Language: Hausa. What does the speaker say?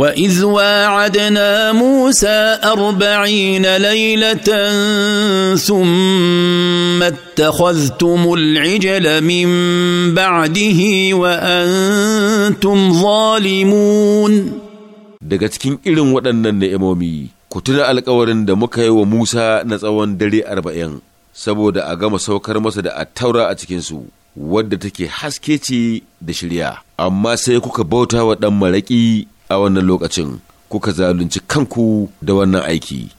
وإذ واعدنا موسى أربعين ليلة ثم اتخذتم العجل من بعده وأنتم ظالمون daga cikin irin waɗannan ni'imomi ku tuna alkawarin da muka yi wa Musa na tsawon dare arba'in saboda a gama saukar masa da attaura a cikinsu wadda take haske ce da shirya amma sai kuka bauta wa ɗan maraƙi a wannan lokacin kuka zalunci kanku da wannan aiki